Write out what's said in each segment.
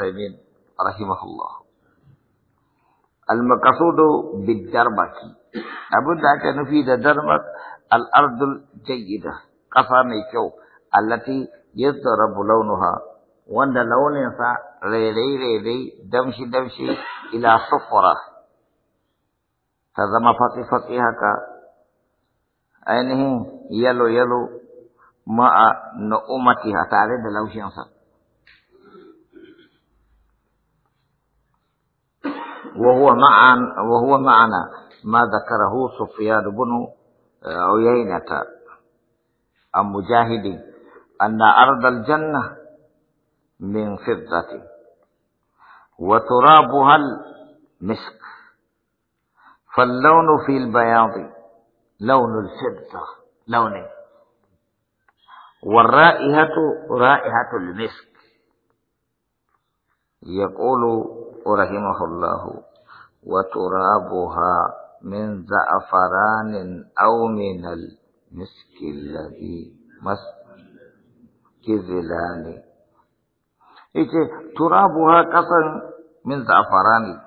عثيمين رحمه الله المقصود بالدربك أبو ذاك نفيد دربك الأرض الجيدة قصامي كو التي يضرب لونها وأن لون ينفع ري ري دمشي دمشي إلى صفرة تزم فقي فقي هكا أينه يلو يلو ما نؤمتها تعالي da ينفع وهو مع وهو معنا ما ذكره سفيان بن عيينة عن مجاهد أن أرض الجنة من فضة وترابها المسك فاللون في البياض لون الفضة لونه والرائحة رائحة المسك يقول رحمه الله وترابها من زعفران أو من المسك الذي مسك ذلال إيه ترابها قصر من زعفران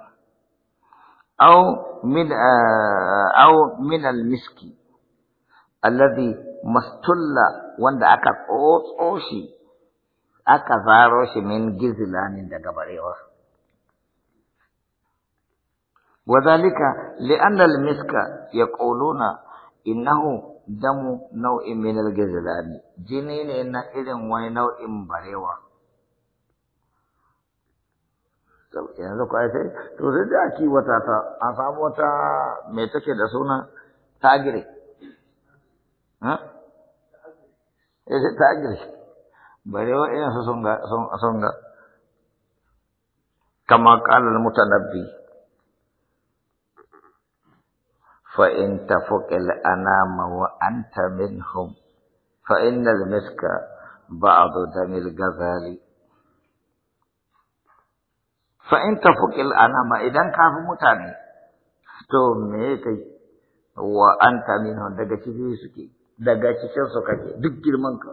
أو من آه، أو من المسك الذي مستل وند أكا أوشي أكا زاروشي من جزلان دقبريوه وذلك لأن المسك يقولون إنه دم نوع من الجزلان جنين إن إذن ونوع بريوة yanzu ku ai sai to sai da ki wata ta a samu wata me take da suna tagire ha eh tagire barewa irin su sun ga sun ga kama qala al-mutanabbi فإن تفك الأنام وأنت منهم فإن المسك بعض دم الغزال فإن تفك الأنام إذا كان متاني تو ميكي وأنت منهم دقا شكي دقا شكي دق منك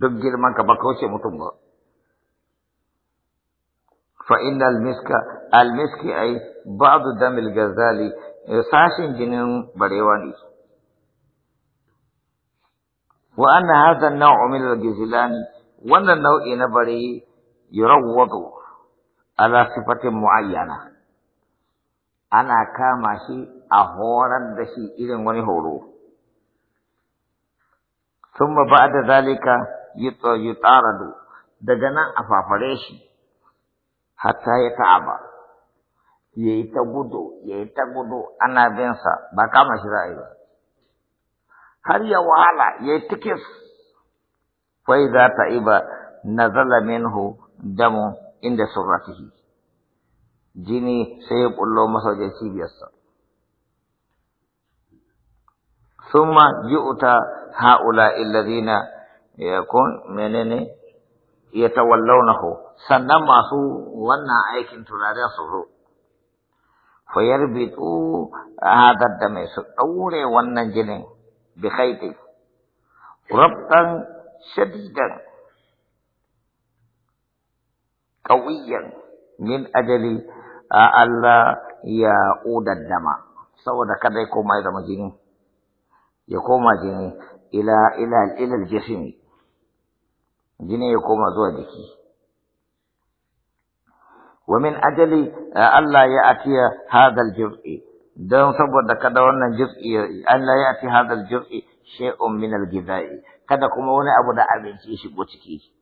دق منك بكوشي متنبا فإن المسك almiski ai ba'du damil gazali sashin jinin barewa ne wa anna hadha an-naw'u min al wannan nau'i na bare yurawwadu ala mu ayyana. ana kama shi a horar da shi irin wani horo ba da zalika yutaradu daga nan a fafare shi hatta ya ba. ya yi ta gudu ya yi ta gudu ana binsa ba kama shi za ra'ayi ba har ya wahala ya yi tikis wai za ta yi ba zala nazala hu damu inda surratihi jini sai ya kullo masa wajen ma ji uta haula ya kun menene yatawallawnahu sannan masu wannan aikin tunanin su zo fayarbitu hadar da mai su ɗaure wannan jinin bi rabtan shadidan ƙauyen min ajali Allah ya udar dama saboda kada ya koma ya zama jini ya koma jini ila ila jisimi jini ya koma zuwa jiki ومن أجل آه، ألا يأتي هذا الجزء دون سبب كذا وانا جزء ألا يأتي هذا الجزء شيء من الغذاء كده كما وانا أبو ده أبين شيء بوشكي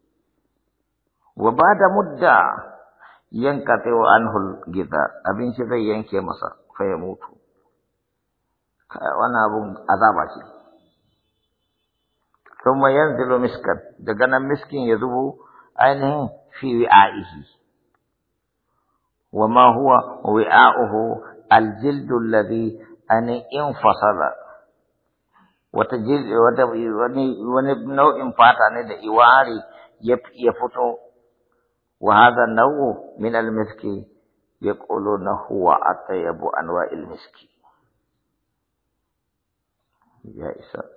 وبعد مدة ينقطع عنه الغذاء أبين شيء ينكي مصر فيموت وانا أبو أذابك ثم ينزل مسكا دقنا مسكين يذوب عينه في وعائه وما هو وعاؤه الجلد الذي أن انفصل وتجلد ونوع عن إواري يفتو وهذا النوع من المسك يقولون هو أطيب أنواع المسك يا إسحاق